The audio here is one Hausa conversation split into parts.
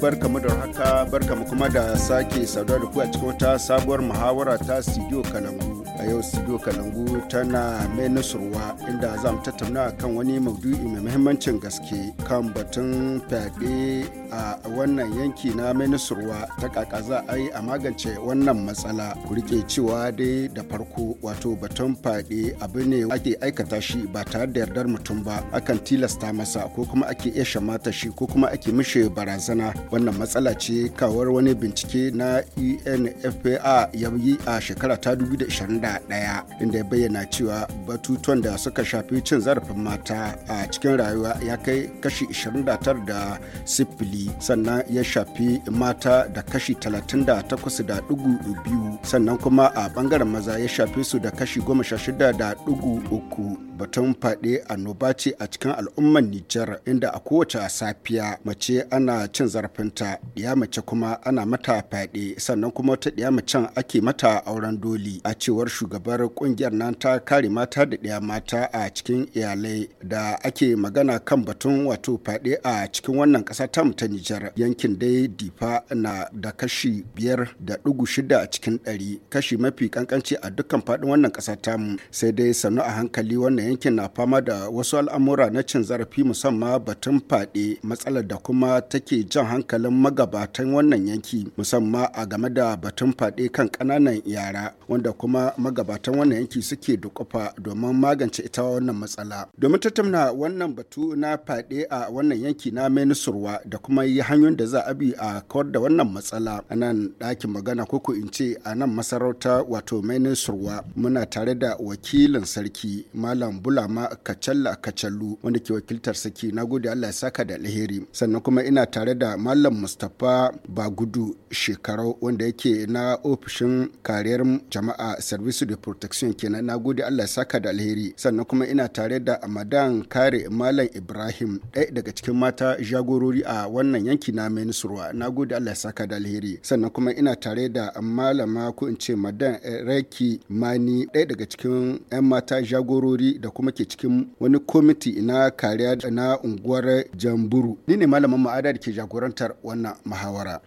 barkamu da haka barkamu kuma da sake saduwa da ku a cikin wata sabuwar muhawara ta studio kalangu yau studio kalangu tana mai nasurwa inda za mu tattauna kan wani maudu'i mai muhimmancin gaske kan batun fyaɗe a wannan yanki na mai nasurwa ta kaka za a yi a magance wannan matsala ku rike cewa dai da farko wato batun fyaɗe abu ne ake aikata shi ba tare da yardar mutum ba akan tilasta masa ko kuma ake iya shamata shi ko kuma ake mishe barazana wannan matsala ce kawar wani bincike na enfa ya yi a shekara ta 2021 ɗaya inda ya bayyana cewa batutuwan da suka shafi cin zarafin mata a cikin rayuwa ya kai kashi 29 da sifili sannan ya shafi mata da kashi 38.2 sannan kuma a bangaren maza ya shafi su da kashi 16.3 batun faɗe annoba ce a cikin al'ummar Nijar inda a kowace safiya mace ana cin zarafinta ya mace kuma ana mata faɗe sannan kuma ta ɗiya macen ake mata auren doli a cewar shugabar kungiyar nan ta kare mata da ɗaya mata a cikin iyalai da ake magana kan batun wato fyaɗe a cikin wannan ƙasa ta ta Nijar yankin dai difa na da kashi biyar da ɗugu shida a cikin ɗari kashi mafi kankanci a dukkan faɗin wannan ƙasa tamu sai dai sannu a hankali wannan yankin na fama da wasu al'amura na cin zarafi musamman batun fyaɗe matsalar da kuma take jan hankalin magabatan wannan yanki musamman a game da batun faɗe kan ƙananan yara wanda kuma magabatan wannan yanki suke dukufa domin magance ita wannan matsala. Domin tattauna wannan batu na fade a wannan yanki na Minisurwa da kuma yi hanyoyin da za a bi a kawar da wannan matsala. A nan ɗakin magana koko in ce a nan masarauta wato Minisurwa muna tare da wakilin sarki Malam Bulama Kacalla Kacallu wanda ke wakiltar sarki na gode Allah ya saka da alheri. Sannan kuma ina tare da Malam Mustapha Bagudu shekaru wanda yake na ofishin kariyar jama'a service su da Protection kenan na gode Allah ya saka da alheri sannan kuma ina tare da Amadan Kare Malam Ibrahim ɗaya daga cikin mata jagorori a wannan yanki na Menisurwa na gode Allah ya saka da alheri sannan kuma ina tare da malama ko in ce Madan Reki Mani ɗaya daga cikin 'yan mata jagorori da kuma ke cikin wani komiti na kariya na unguwar Jamburu ni ne malamin ma'ada da ke jagorantar wannan muhawara.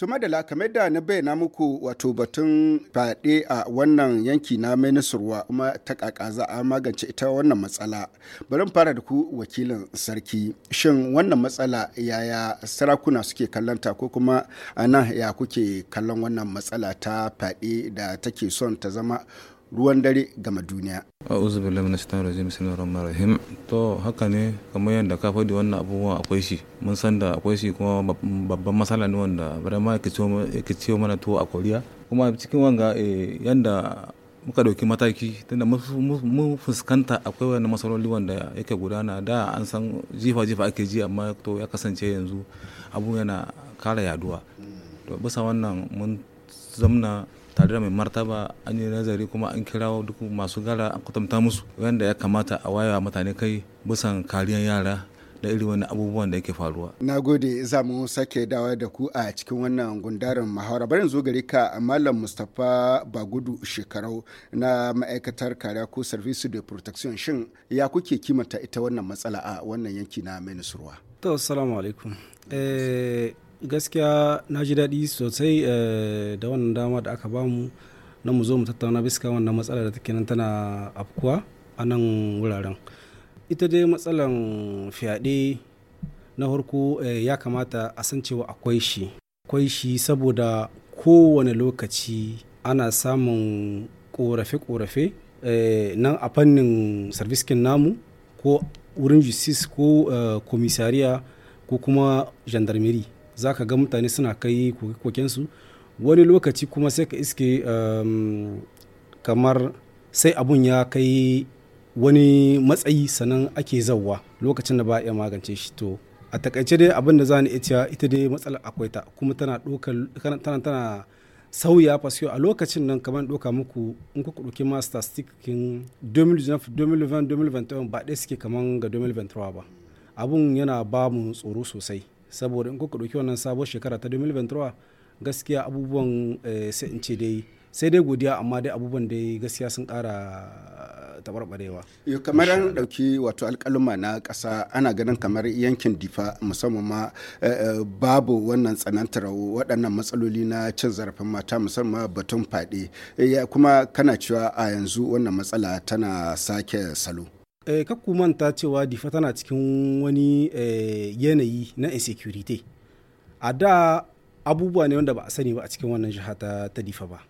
Tuma da kamar da na bayyana muku wato batun fyaɗe a wannan yanki na Minisurwa kuma ta kaka za a magance ita wannan matsala. Bari fara da ku wakilin sarki. Shin wannan matsala yaya sarakuna suke kallonta ko kuma ana ya kuke kallon wannan matsala ta fyaɗe da take son ta zama ruwan dare gama duniya? a'udhu billahi minash shaitanir rajim bismillahir rahmanir rahim to haka ne kamar yadda ka faɗi wannan abubuwan akwai shi mun san da akwai shi kuma babban masala ne wanda yake ciwo mana tuwo a koriya kuma cikin wanga eh, yanda muka ɗauki mataki tunda mu fuskanta akwai wani masaloli wanda yake gudana da an san jifa jifa ake ji amma to ya kasance yanzu abu yana kara yaduwa to bisa wannan mun zamna tare da mai martaba an yi nazari kuma an kirawo duk masu gara an kwatanta musu wanda ya kamata a waya mutane kai bisan kariyar yara da irin wani abubuwan da yake faruwa. Na gode za mu sake dawa da ku a cikin wannan gundarin mahaura barin zo gari ka Malam Mustapha Bagudu shekarau na ma'aikatar kariya ko Service de Protection shin ya kuke kimanta ita wannan matsala a wannan yanki na Menusurwa. To assalamu alaikum. Eh, gaskiya na ji daɗi sosai eh, da wannan dama da aka bamu na mu zo mu tattauna bisa wannan matsalar da take nan tana afkuwa a nan wuraren ita dai matsalar fyaɗe na harko eh, ya kamata a san cewa akwai shi akwai shi saboda kowane lokaci ana samun ƙorafe-ƙorafe eh, nan a fannin sarviskin namu ko wurin justice ko komisariya ko kuma gendarmerie za ka ga mutane suna kai kokensu wani lokaci kuma sai ka iske um, kamar sai abun ya kai wani matsayi sannan ake zauwa lokacin da ba a iya magance shi to a takaice dai abin da za ni iya ita dai matsalar akwai ta kuma tana ɗaukar tana tana sauya fasiyo a lokacin nan kamar ɗauka muku in kuka ɗauki ma statistikin 2020-2021 ba ɗaya suke kamar ga 2023 ba abun yana ba mu tsoro sosai saboda in kuka ɗauki wannan sabon shekara ta 2023 gaskiya abubuwan eh, sai in ce dai sai dai godiya amma dai abubuwan dai gaskiya sun ƙara taɓarɓarewa. kamar an ɗauki wato alƙaluma na ƙasa ana ganin kamar yankin difa musamman ma eh, eh, babu wannan tsanantar waɗannan matsaloli na cin zarafin mata musamman batun faɗi kuma kana cewa a yanzu wannan matsala tana sake salo. eh, kakku manta cewa difa tana cikin wani eh, yanayi na insecurity a da abubuwa ne wanda ba a sani ba a cikin wannan jiha ta, difa ba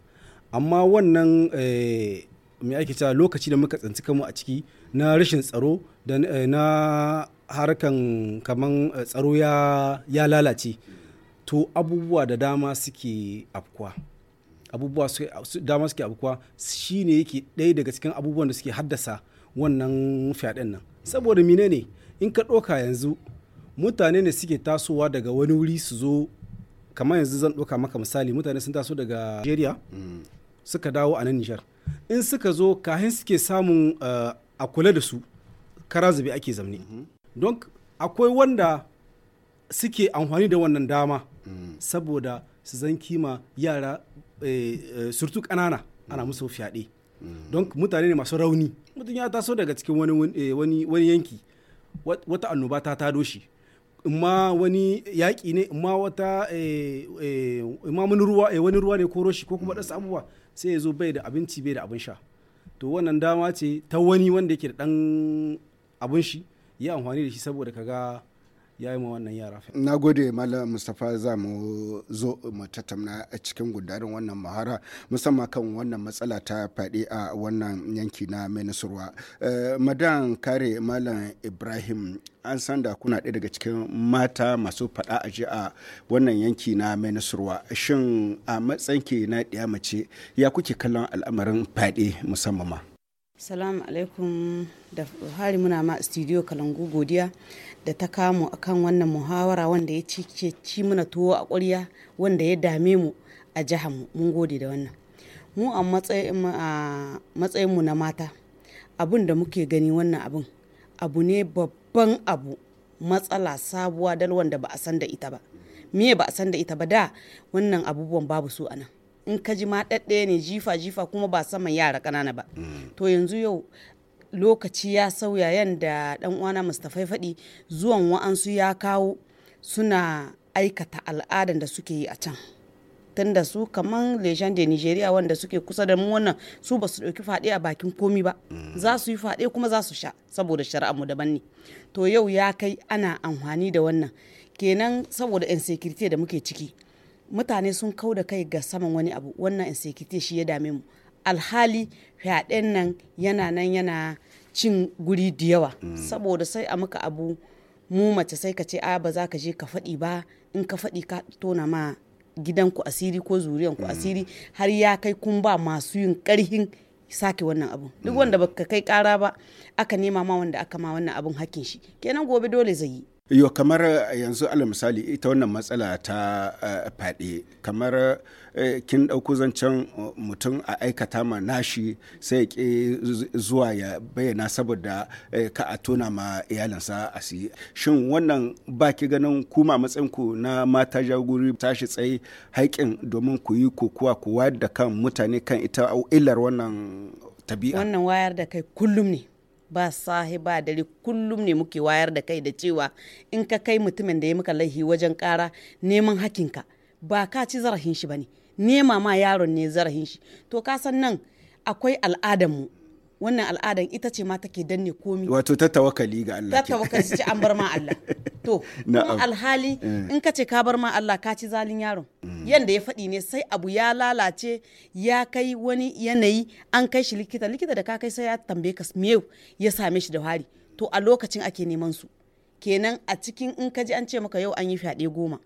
amma wannan eh, mai ake cewa lokaci da muka tsinci kanmu a ciki na rashin tsaro da eh, na harkan kaman tsaro ya, lalace to abubuwa da dama suke afkuwa abubuwa dama suke abubuwa shine yake ɗaya daga cikin abubuwan da suke haddasa wannan fyaɗen nan saboda mine ne in ka ɗoka yanzu mutane ne suke tasowa daga wani wuri su zo kamar yanzu zan ɗoka maka misali mutane sun taso daga nigeria suka dawo a nan nijar in suka zo kahin suke samun eh, a kula da su kara zube ake zamne don akwai wanda suke amfani da wannan dama saboda su zan kima yara eh, eh, surtu ƙanana ana musu fyaɗe don mutane ne masu rauni mutum ya taso daga cikin wani eh, yanki wata annoba ta tado shi ma wani yaƙi ne ma wata eh, eh, ma wani ruwa wani ruwa ne ko roshi ko kuma ɗansa abubuwa sai ya zo bai da abinci bai da abin sha to wannan dama ce ta wani wanda yake da ɗan abin shi ya amfani da shi saboda kaga ya yi ma wannan yara na gode malam mustapha za mu zo mu tattauna a cikin gudarin wannan mahara musamman kan wannan matsala ta faɗi a wannan yanki na minisurwa eh, madan kare malam ibrahim an san da kuna ɗaya daga cikin mata masu faɗa a ji a wannan yanki na minisurwa shin a matsanki na ɗiya mace ya kuke kallon al'amarin faɗi musamman ma salamu alaikum da hari muna ma studio kalangu godiya da ta kamo akan wannan muhawara wanda ya ci ci muna tuwo a ƙwarya wanda ya dame mu a jihar mu mun gode da wannan mu a matsayin mu na mata abun da muke gani wannan abun abu ne babban abu matsala sabuwa dal wanda ba a san da ita ba me ba a san da ita ba da wannan abubuwan babu su a nan in ka ji ma ne jifa jifa kuma ba saman yara ƙanana ba mm. to yanzu yau lokaci ya sauya yadda ɗan uwana mustafa faɗi zuwan wa'ansu ya kawo suna aikata al'adan da suke yi a can tunda su kaman lejan da nigeria wanda suke kusa da mu wannan su ba su ɗauki faɗe a bakin komi ba mm. za su yi faɗe kuma za su sha saboda shari'a mu daban ne to yau ya kai ana amfani da wannan kenan saboda insecurity da muke ciki mutane sun kau da kai ga saman wani abu wannan insecurity shi ya dame mu alhali fyaɗen nan yana nan yana cin guri da yawa mm. saboda sai a muka abu mu mace sai ka ce a ba za ka je ka faɗi ba in ka faɗi ka tona ma gidanku asiri ko ku mm. asiri har ya kai kun ba masu yin ƙarhin sake wannan abu duk mm. wanda baka kai ƙara ba aka nema ma wanda aka ma wannan abun hakkin shi kenan gobe dole zai yi yo kamar eh, yanzu ala misali ita wannan matsala ta eh, fade kamar eh, kin ɗauko zancen mutum a aikata ma nashi sai ke zuwa ya bayyana saboda ka a tona ma iyalinsa asiri shin wannan baki ganin kuma matsayinku na mata jagori tashi tsaye haƙƙin domin ku yi kokuwa ku wayar da kan mutane kan ita illar wannan tabi'a wannan wayar da kai kullum ne ba sahi ba dare kullum ne muke wayar da kai da cewa in ka kai mutumin da ya muka laihi wajen kara neman hakinka ba ka ci zarafin shi ba ne nema ma yaron ne zarafin shi to ka san nan akwai al'adarmu wannan al'adan ita ce ma take danne komi wato ta tawakkali ga Allah ta tawakkali ce an bar ma Allah to kuma alhali eh. in ka ce ka bar ma Allah ka ci zalin yaron mm. yanda ya faɗi ne sai abu ya lalace ya kai wani yanayi an kai shi likita likita da ka kai sai ya tambaye ka me ya same shi da hari to a lokacin ake neman su kenan a cikin in ka ji an ce maka yau an yi fyaɗe goma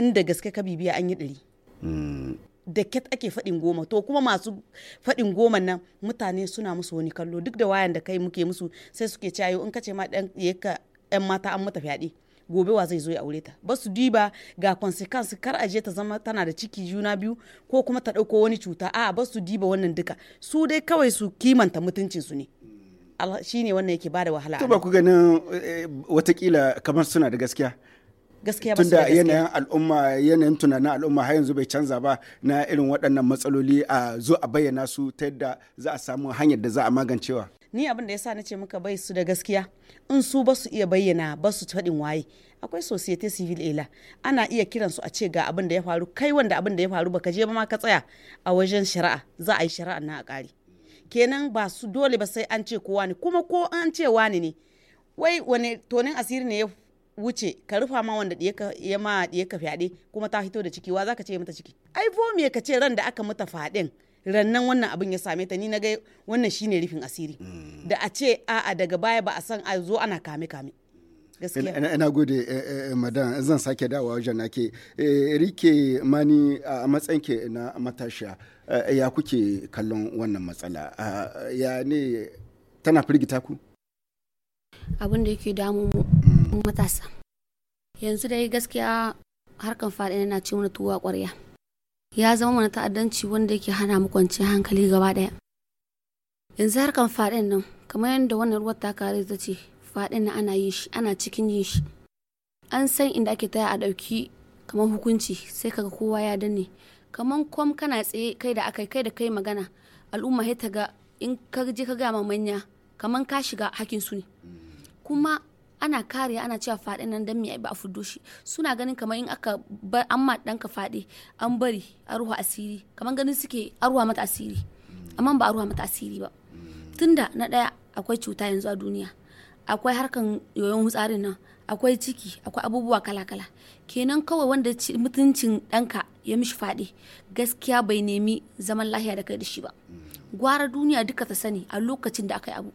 inda gaske ka bibiya an yi ɗari mm. da ket ake faɗin goma to kuma masu faɗin goma nan mutane suna musu wani kallo duk da wayan da kai muke musu sai suke cayo in kace ma ɗan ka yan mata an mata fyaɗe gobe wa zai zo ya aure ta ba su diba ga consequence kar aje ta zama tana da ciki juna biyu ko kuma ta ɗauko wani cuta a'a ba su diba wannan duka su dai kawai su kimanta mutuncin su ne shi ne wannan yake bada wahala to ba ku ganin eh, eh, watakila kamar suna da gaskiya gaskiya ba tunda yanayin al'umma yanayin tunanin al'umma har yanzu bai canza ba na irin waɗannan matsaloli a zo a bayyana su ta yadda za a samu hanyar da za a magancewa ni abin da yasa na ce muka bai su da gaskiya in su ba su iya bayyana ba su faɗin waye akwai societe civil ela ana iya kiran su a ce ga abin da ya faru kai wanda abin da ya faru baka je ba ma ka tsaya a wajen shari'a za a yi shari'a na a ƙari kenan ba su dole ba sai an ce kowa ne kuma ko an ce wani ne wai wani tonin asiri ne ya wuce ka rufa ma wanda ya ma ka fyaɗe kuma ta fito da ciki wa zaka ce mata ciki ai bo me ka ce ran da aka mata faɗin rannan wannan abin ya same ta ni na ga wannan shine rufin asiri mm. da a ce a'a daga baya ba a san a zo ana kame kame ina gode eh, eh, eh, madan zan sake dawowa wajen nake rike mani a matsayin ke na matashiya ya kuke kallon wannan matsala ah, ya ne tana firgita ku abin da yake damu matasa yanzu dai gaskiya harkan faɗi na ci wani tuwa ƙwarya ya zama mana ta'addanci wanda yake hana mu kwanciyar hankali gaba ɗaya yanzu harkan faɗin nan kamar yadda wannan ruwan kare ta ce faɗin nan ana yin shi ana cikin yin shi an san inda ake taya a ɗauki kamar hukunci sai kaga kowa ya danne kamar kwam kana tsaye kai da akai kai da kai magana al'umma ta ga in ka je ka gama manya kamar ka shiga hakin su ne kuma ana kare ana cewa faɗin nan dan me ba a fuddo shi suna ganin kamar in aka bar an ma faɗi an bari a ruwa asiri kamar ganin suke a ruwa mata asiri amma ba a ruwa mata asiri ba tunda na ɗaya akwai cuta yanzu a duniya akwai harkan yoyon hutsarin nan akwai ciki akwai abubuwa kala-kala kenan kawai wanda mutuncin ɗanka ya mishi faɗi gaskiya bai nemi zaman lahiya da kai da shi ba gwara duniya duka ta sani a lokacin da aka yi abu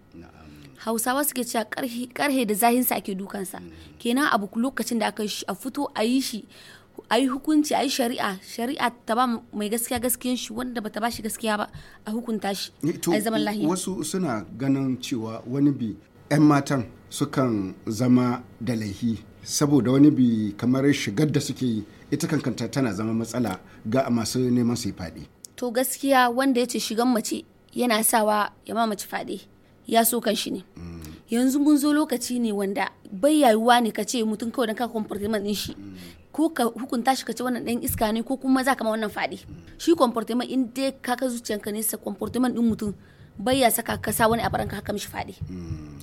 hausawa suke cewa karhe da zahinsa ake dukansa kenan abu lokacin da aka a fito a yi shi a yi hukunci a yi shari'a shari'a ta ba mai gaskiya gaskiyan shi wanda bata ba shi gaskiya ba a hukunta shi a zaman lahiya wasu suna ganin cewa wani bi 'yan matan sukan zama da laihi saboda wani bi kamar shigar da suke yi ita kankanta tana zama matsala ga masu neman su yi faɗi to gaskiya wanda ya ce shigan mace yana sawa ya ma mace faɗi ya so kan shi ne yanzu mun zo lokaci ne wanda bai yayuwa ne ka ce mutum kawai don ka comportement din shi ko ka hukunta shi ka ce wannan dan iska ne ko kuma za ka ma wannan fadi shi comportement in dai ka ka zuciyanka ne sa comportement din mutum bai ya saka ka sa wani a baranka haka mishi fadi.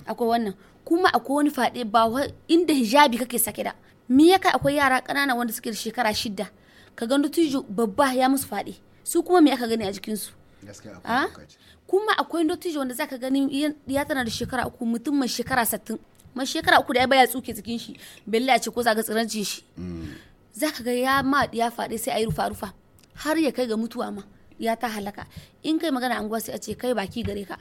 akwai wannan kuma akwai wani fadi ba inda hijabi kake sake da me ya akwai yara kanana wanda suke da shekara shidda ka ga tuju babba ya musu fadi su kuma me aka gani a jikinsu Ah? kuma akwai notijo wanda zaka gani ya tana da shekara uku mutum mai shekara sattin mai shekara uku da ya baya tsuke jikin shi belle a ce ko zaka tsiranci shi mm. zaka ga ya ma ya faɗi sai a yi rufa rufa har ya kai ga mutuwa ma ya ta halaka in kai magana anguwa sai a ce kai baki gare ka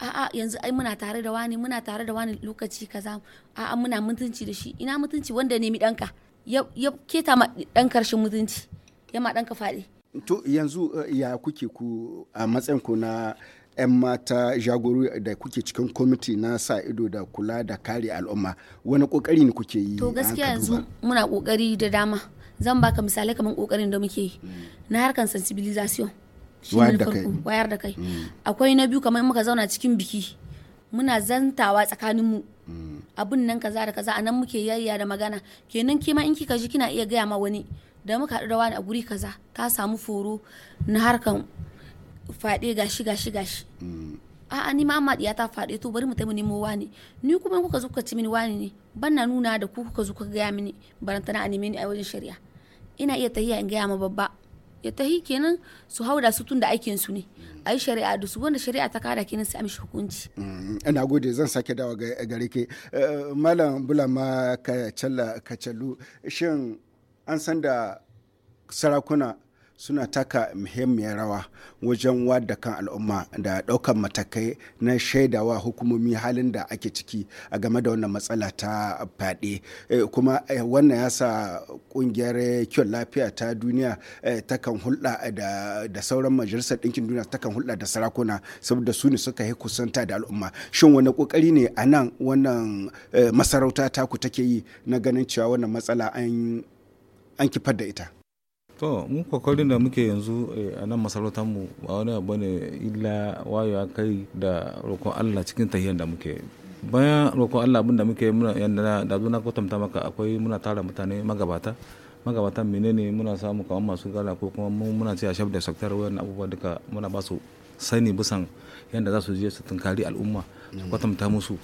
a'a yanzu ai muna tare da wani muna tare da wani lokaci kaza a'a muna mutunci da shi ina mutunci wanda nemi ɗanka ya keta ma ɗan karshen mutunci ya ma ɗanka faɗi to yanzu eh, ya kuke ku a matsayin ku na 'yan mata jagoro da kuke cikin kwamiti na sa ido da kula da kare al'umma wani kokari ne kuke yi to gaskiya yanzu muna kokari da dama zan baka misalai kamar kokarin da muke yi mm. na harkar sensibilization wayar da kai mm. akwai na biyu kamar muka zauna cikin biki muna zantawa tsakaninmu mm. abun nan kaza da kaza anan muke yayya da magana kenan kima in kika ji kina iya gaya ma wani da muka haɗu da wani a guri kaza ta samu foro na harkan faɗe gashi gashi gashi mm. a'a ni ma amma ta faɗe to bari mu taimu nemo wani ni kuma kuka zo kuka ci mini wani ne ban na nuna da ku kuka zo kuka gaya mini barantana a neme ni a wajen shari'a ina iya tahiya in gaya ma babba ya tahi kenan su hauda su tun da aikin su ne mm. a yi shari'a da su wanda shari'a ta kada kenan su mishi hukunci. Mm. ina gode zan sake dawa gare ke eh, malam bulama kacallu shin an san da sarakuna suna taka muhimmiyar rawa wajen wadda kan al'umma da ɗaukan matakai na shaidawa hukumomi halin da ake ciki a game da wannan matsala ta fyaɗe eh, kuma eh, wannan ya sa ƙungiyar kyon lafiya ta duniya eh, ta kan hulɗa da sauran majalisar ɗinkin duniya ta kan hulɗa da sarakuna saboda su ne suka yi kusanta da al'umma shin wani kokari ne a nan wannan masarauta taku take yi na ganin cewa wannan matsala an an kifar da ita to mu kokarin da muke yanzu eh, a nan masarautar mu ba wani abu ne illa wayo kai da roƙon Allah cikin tahiyar da muke bayan roƙon Allah abin da muke muna yanda da na kwatanta maka akwai muna tara mutane magabata magabata menene muna samu kamar masu gala ko kuma muna ce a shafi da saktar wayan abubuwa duka muna ba su sani bisan yanda za su je su tunkari al'umma kwatanta musu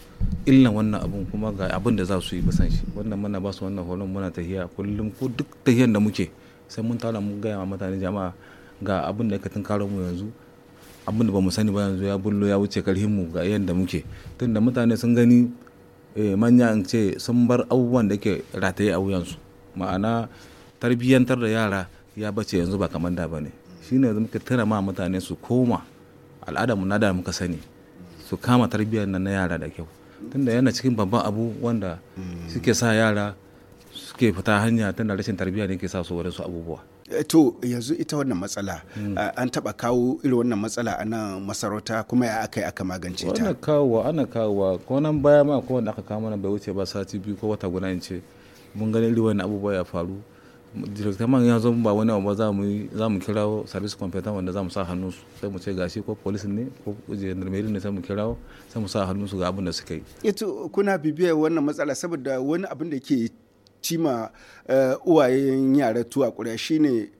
illan wannan abun kuma ga abin da za su yi bisan shi wannan mana ba su wannan horon muna tahiya kullum ko duk tahiyar da muke sai mun tara mun gaya wa mutane jama'a ga abin da ka karo mu yanzu abin da ba mu sani ba yanzu ya bullo ya wuce karhin mu ga yadda muke tunda mutane sun gani eh, manya in ce sun bar abubuwan da ke rataye a wuyansu ma'ana tarbiyyantar da yara ya bace yanzu ba kamar da ba ne shine yanzu muke tara ma mutane su koma al'adar mu na da muka sani su kama tarbiyyar nan na yara da kyau tunda yana cikin babban abu wanda suke sa yara suke fita hanya tunda rashin tarbiyya ne ke sa su abubuwa eh, to yanzu ita wannan matsala hmm. an taba kawo irin wannan matsala a nan masarauta kuma ya aka yi aka magance ta ana kawowa ana kawowa ko nan baya ma ko wanda aka kawo mana bai wuce ba sati biyu ko wata guda in ce mun ganin irin wannan abubuwa ya faru director man ya zo ba wani abu ba za mu za mu kirawo service competent wanda za mu sa hannu sai mu ce gashi ko police ne ko gendarmerie ne sai mu kirawo sai mu sa hannu su ga abin da suka yi yato eh kuna bibiya wannan matsala saboda wani abin da ke cima eh, uwayen yara tuwa ƙuri'a shine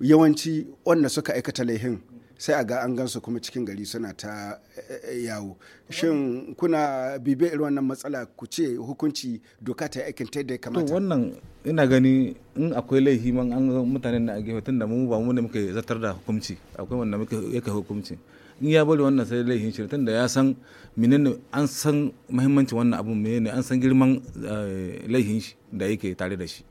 yawanci wanda suka aikata laihin sai a ga an gansu kuma cikin gari suna ta eh, eh, yawo shin kuna bibe irin wannan matsala ku ce hukunci doka ta aikin ta da kamata to wannan ina gani in akwai laifi man an ga mutanen na a gefe tunda mu ba mu ne muke zartar da hukunci akwai wanda muke yake hukunci in ya bari wannan sai laifin shi tunda ya san menene an san muhimmancin wannan abu menene an san girman eh, laifin shi da yake tare da shi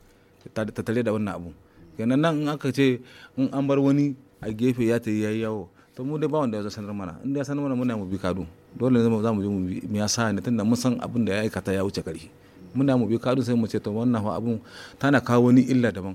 tattare da wannan abu kenan nan in aka ce in an bar wani a gefe ya ta yi yawo to mu dai ba wanda ya sanar mana in da ya sanar mana muna mu bi kadu dole ne za mu je mu bi me yasa ne tunda mun san abin da ya aikata ya wuce kari muna mu bi kadu sai mu ce to wannan fa abun tana kawo wani illa daban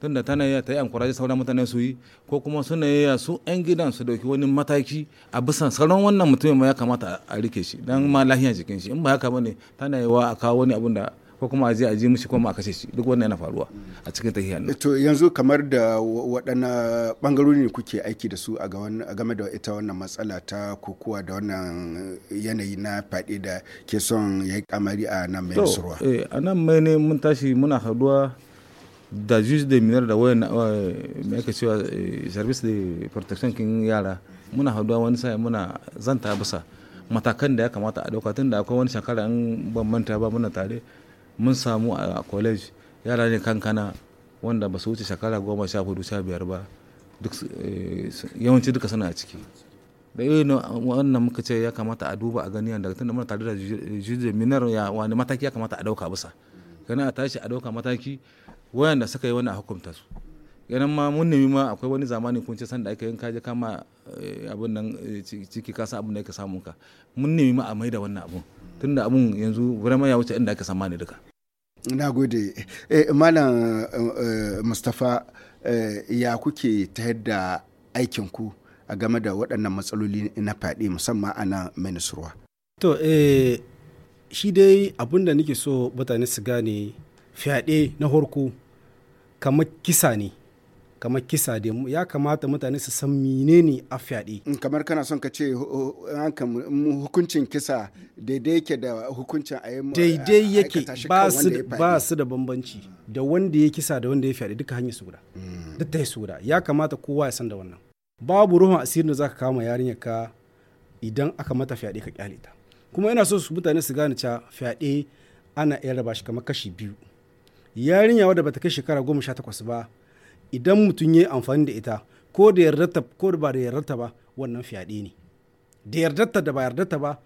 tunda tana ya ta yi ankuraji sauran mutane su yi ko kuma suna yaya su yan gidan su dauki wani mataki a bisan sauran wannan mutumin ma ya kamata a rike shi dan ma lahiyan jikin shi in ba haka bane tana yi wa a kawo wani abun da ko kuma a je a ji mushi ko ma a kashe shi duk wannan yana faruwa a cikin tahiyar nan to yanzu kamar da waɗannan bangarori ne kuke aiki da su a game da ita wannan matsala ta kokowa da wannan yanayi na faɗi da ke son ya yi kamari a nan mai surwa eh a nan mai ne mun tashi muna haduwa da jus de minor da wayan eh, mai aka cewa eh, service de protection kin yara muna haduwa wani sai muna zanta bisa matakan da ya kamata a dauka tun da akwai wani shekara an ban manta ba muna tare mun samu a college yara ne kankana wanda ba su wuce shekara goma sha hudu sha biyar ba eh, yawanci duka suna ciki da irin wannan muka ce ya kamata a duba a gani yadda tun da muna tare da jirgin minar ya wani mataki ya kamata a dauka bisa gani a tashi a dauka mataki wayanda suka yi wani a hukunta su ganin ma mun nemi ma akwai wani zamani kun ce sanda aka yin kaje kama eh, abin nan eh, ciki kasa abin da yake samun ka mun nemi ma a maida wannan abun tunda abun yanzu vraiment ya wuce inda aka ne duka na gode eh, malam eh, mustapha eh, ya kuke ta yadda aikinku a game da waɗannan matsaloli na faɗi musamman a nan minisruwa to eh, shi dai abin da nake so mutane su gane fyaɗe na horko kamar kisa ne kamar kisa da ya kamata mutane su san menene a fyaɗe. kamar kana son ka ce hukuncin kisa daidai yake da hukuncin a daidai yake ba su da bambanci da wanda ya kisa da wanda ya fyaɗe duka hanyar su guda mm. duk ta su guda ya kamata kowa ya san da wannan babu ruhun asirin da zaka kama yarinyar ka idan aka mata fyaɗe ka kyale ta kuma ina so su mutane su gane cewa fyaɗe ana iya raba shi kamar kashi biyu yarinya wadda bata kai shekara goma sha takwas ba idan mutum ya amfani da ita ko da yardarta ko da ba da yardarta ba wannan fyaɗe ne da yardarta da ba yardarta ba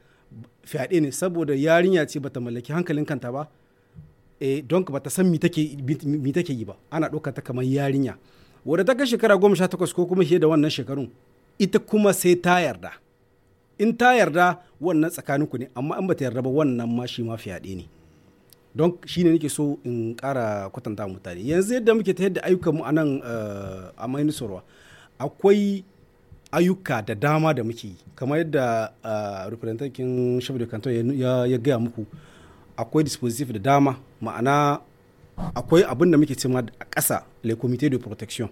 fyaɗe ne saboda yarinya ce bata mallaki hankalin kanta ba e, don ba ta san mi take yi ba ana ɗauka ta kamar yarinya wadda ta kai shekara goma sha takwas ko kuma fiye da wannan shekarun ita kuma sai ta yarda in ta yarda wannan tsakaninku ne amma in bata yarda ba wannan ma shi ma fyaɗe ne don shi ne nake so in ƙara kwatanta mutane yanzu yadda muke ta yadda ayyukanmu a nan eh, a mainisorwa akwai ayyuka da dama da muke kamar yadda eh, representantin shafi da kanton ya gaya muku akwai dispositif da dama ma'ana akwai abin da muke cima a ƙasa le comité de protection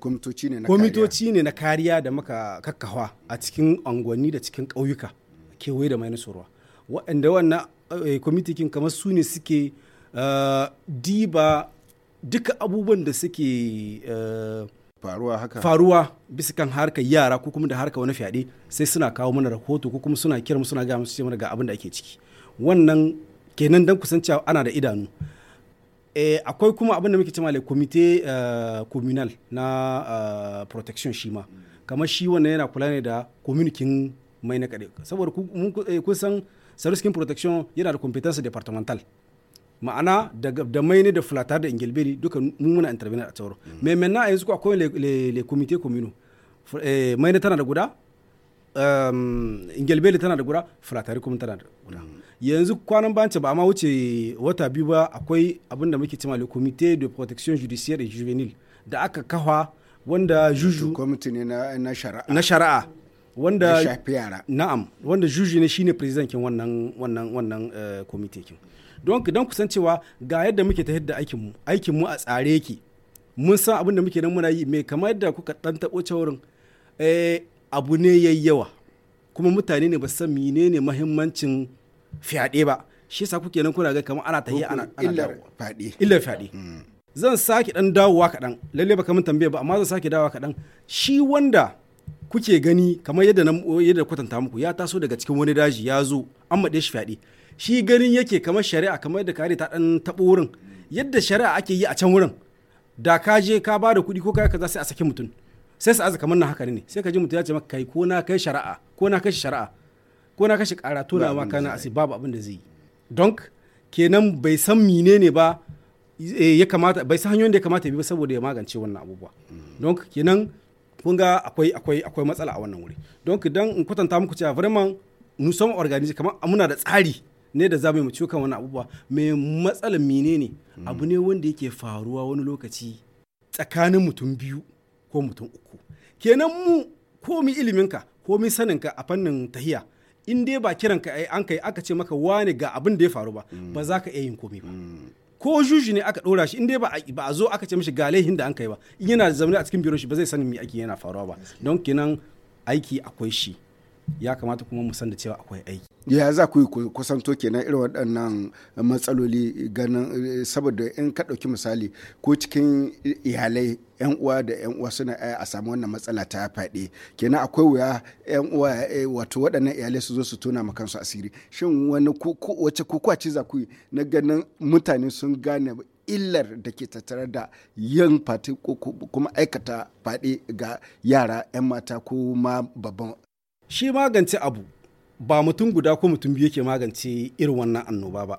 komitoci ne na komitoci ne na kariya da maka kakkawa a cikin unguwanni da cikin ƙauyuka kewaye da mainisorwa waɗanda wannan kwamitikin eh, eh, kamar su ne suke eh, diba duka abubuwan da suke faruwa haka faruwa bisa kan harkar yara ko kuma da harka wani fyaɗe sai suna kawo mana rahoto ko kuma suna kira suna ga musu mana ga abin da ake ciki wannan kenan dan kusancewa ana da idanu eh, akwai kuma abin da muke cewa le komite communal na uh, protection shi ma kamar shi wannan yana kula ne da communiquin mai na kaɗe saboda kun san service kin protection yana da competence departmental ma'ana da maini da fulatar da ingilberi duka mun muna intervenir a tsaro mai mm. menna a yanzu ko akwai le comité communaux eh, maini tana da guda ehm, ingilberi tana da guda fulatari kuma tana da guda mm. yanzu kwanan banci ba ma wuce wata biyu ba akwai abin da muke cima le comité de protection judiciaire et juvenile da aka kafa wanda juju na shari'a wanda shafi yara na'am wanda juji ne shine presidentin wannan wannan wannan eh, committee kin don don kusancewa ga yadda muke ta yadda aikin mu aikin mu a tsare yake mun san abin da muke nan muna yi mai kamar yadda kuka dan tabo cewurin eh abu ne yayyawa yawa kuma mutane ne ba san menene muhimmancin fyaɗe ba shi yasa kuke nan kuna ga kamar ana ta yi ana illa fyaɗe illar fyaɗe mm. zan sake dan dawowa kaɗan lalle baka mun tambaya ba amma zan sake dawowa kaɗan shi wanda kuke gani kamar yadda na yadda kwatanta muku ya taso daga cikin wani daji ya zo an maɗe shi fyaɗe shi ganin yake kamar shari'a kamar yadda kare ta ɗan taɓo wurin yadda shari'a ake yi a can wurin da ka je ka ba da kuɗi ko ka kaza sai a saki mutum sai su aza kamar na haka ne sai ka ji mutum ya ce maka kai ko na kai shari'a ko na kashi shari'a ko na kashi karatu na ma kana asi babu abin da zai yi don kenan bai san ne ba eh, ya kamata bai san hanyoyin da ya kamata ya bi saboda ya magance wannan abubuwa don kenan kun ga akwai akwai akwai matsala a wannan wuri don dan in kwatanta muku cewa vraiment nous sommes organisés kamar muna da tsari ne da za mu yi mu kan wannan abubuwa me matsalar ne mm. abu ne wanda yake faruwa wani lokaci tsakanin mutum biyu ko mutum uku kenan mu komi iliminka komi saninka a fannin tahiya in dai ba kiranka an kai aka ce maka wani ga abin da ya faru ba mm. ba za ka iya yin komi ba mm. ko juji ne aka dora shi in dai ba a zo aka ce mishi ga laihin da an kai ba in yana zaune a cikin biro shi ba zai sani me aiki yana faruwa ba don kenan aiki akwai shi ya kamata kuma mu san da cewa akwai aiki ya za ku yi kusanto kenan irin waɗannan matsaloli ganin eh, saboda in ka ɗauki misali ko cikin iyalai yan uwa da yan uwa suna eh, a samu wannan matsala ta faɗi kenan akwai wuya yan uwa eh, wato waɗannan iyalai su zo su tona ma kansu asiri shin wani wace kukuwa ce za ku na ganin mutane sun gane illar da ke tattare da yin fati ko kuma aikata faɗi ga yara 'yan mata ko ma babban shi magance abu ba mutum guda ko mutum biyu yake magance irin wannan annoba ba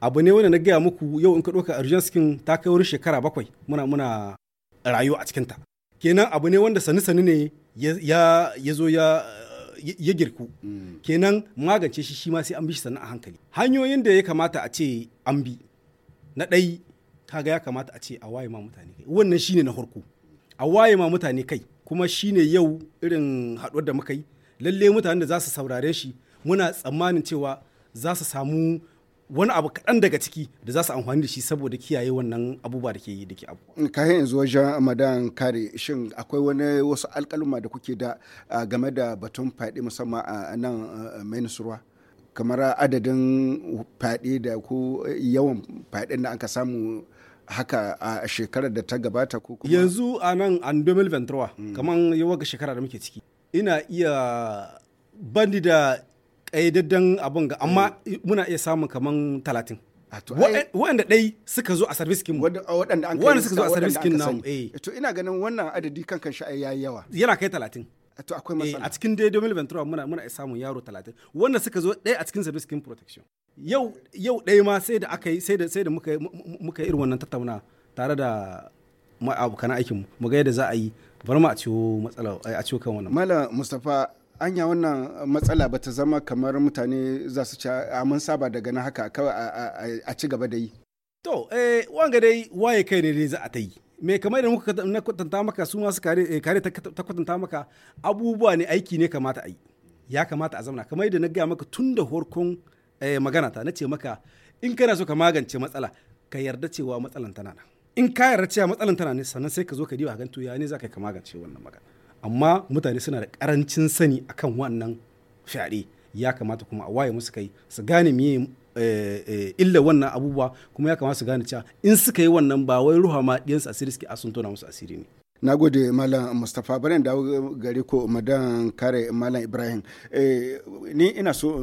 abu ne wanda na gaya muku yau in ka ɗauka urgence skin ta kai wurin shekara bakwai muna muna rayuwa a cikinta kenan abu ne wanda sani sani ne ya zo ya ya girku mm. kenan magance shi shi ma sai an bi shi sannan a hankali hanyoyin da ya kamata a ce an bi na ɗai kaga ya kamata a ce a waye ma mutane kai wannan shine na farko a waye ma mutane kai kuma shine yau irin haɗuwar da muka yi lalle mutanen da za su saurare shi muna tsammanin cewa za su samu wani abu kaɗan daga ciki da za su amfani da shi saboda kiyaye wannan abubuwa da ke yi da ke abu. Mm, ka Kayan yanzu wajen madan kare shin akwai wani wasu alkaluma da kuke da game da batun fadi musamman a nan mainisurwa kamar adadin fadi da ku yawan fadi da aka samu haka a shekarar da ta gabata ko kuma yanzu a nan an 2023 kamar yawa shekara da muke ciki ina iya bandi da ƙayyadaddan abin ga amma mm. muna iya samun kaman talatin. waɗanda ɗai suka zo a service kin waɗanda an suka zo a service na namu eh. to ina ganin wannan adadi kan kan shi yayi yawa yana kai talatin to akwai matsala eh, a cikin dai 2023 muna muna samun yaro talatin wanda suka zo ɗai a cikin service kin protection yau yau ɗai ma sai da aka yi sai da sai da muka muka irin wannan tattauna tare da abokan aikin mu ga yadda za a yi bari mu a ciwo matsala a ciwo kan wannan mala mustafa anya wannan matsala bata zama kamar mutane za su ci mun saba daga na haka kawai a ci gaba da yi to eh wanga dai waye kai ne dai za a ta yi me kamar da muka na kwatanta maka su masu kare eh, kare ta kwatanta maka abubuwa ne aiki ne kamata a yi ya kamata a zauna kamar da na gaya maka tun da horkon eh, magana ta na ce maka in kana so ka magance matsala ka yarda cewa matsalan tana nan in ka yarda cewa matsalan tana ne sannan sai ka zo ka diba ganto ya ne za ka magance wannan magana amma mutane suna da karancin sani akan wannan fyaɗe ya kamata kuma a waye musu kai su gane miye eh, eh, illa wannan abubuwa kuma ya kamata su gane cewa in suka yi wannan ba wai ruha ma ɗiyansu asiri suke asun tona musu asiri ne na gode malam mustapha bari dawo gare ko madan kare malam ibrahim eh, ni ina so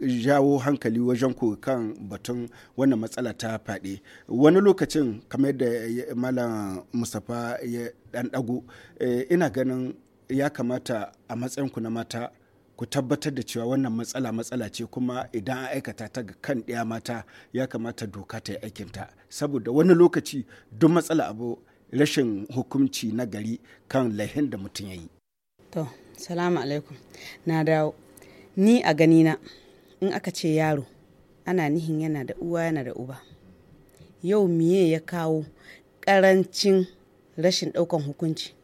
jawo hankali wajen ku kan batun wannan matsala ta fyaɗe wani lokacin kamar yadda malam mustapha ya ɗan ɗago eh, ina ganin ya kamata a matsayinku na mata ku tabbatar da cewa wannan matsala matsala ce kuma idan an aikata ta ga kan ɗaya mata ya kamata doka ta yi aikinta saboda wani lokaci duk matsala abu rashin hukunci na gari kan lahin da mutum ya yi. To, salamu alaikum. Na dawo. Ni a ganina. in aka ce yaro ana nihin yana da uwa yana da uba yau miye ya kawo ƙarancin rashin ɗaukan hukunci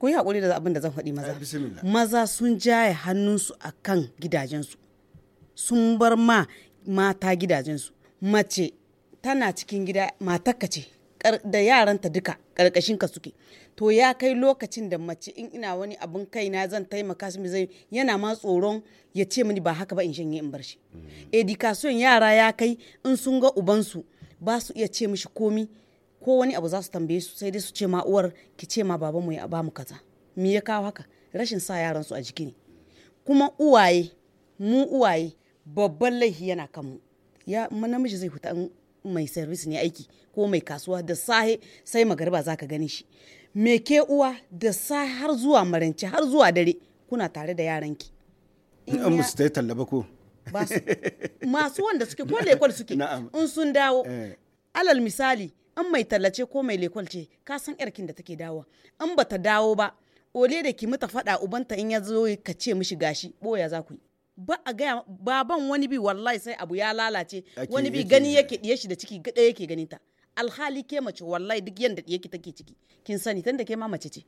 ku yi hakuri da abin da zan faɗi maza maza sun jaye hannunsu a kan gidajensu sun bar ma mata gidajensu mace tana cikin gida matakka ce da yaranta duka ƙarƙashinka suke to ya kai lokacin da mace in ina wani abun na zan taimaka su zai yana ma tsoron ya ce mini ba haka ba in shanye in bar shi mm. edikasiyon yara ya kai in sun ga ubansu ba su iya ce mishi komi ko wani abu za su tambaye su sai dai su ce ma uwar ki ce ma baba mu ya ba mu kaza me ya kawo haka rashin sa yaran su a jiki ne kuma uwaye mu uwaye babban laifi yana kanmu ya namiji zai fita mai service ne aiki ko mai kasuwa da sahe sai magariba za ka gani shi me ke uwa da sa har zuwa maranci har zuwa dare kuna tare da yaranki in musu ta yi tallaba ko masu wanda suke ko lekwal suke in sun dawo eh. alal misali an mai tallace ko mai lekwal ce ka san yarkin da take dawo in bata dawo ba ole da ki mata faɗa ubanta in ya zo ka ce mishi gashi boya za ku yi ba a gaya baban wani bi wallahi sai abu ya lalace wani bi gani yake diye shi da ciki gada yake ganin ta alhali ke mace wallahi duk yanda yake take ciki kin sani tunda ke ma mace ce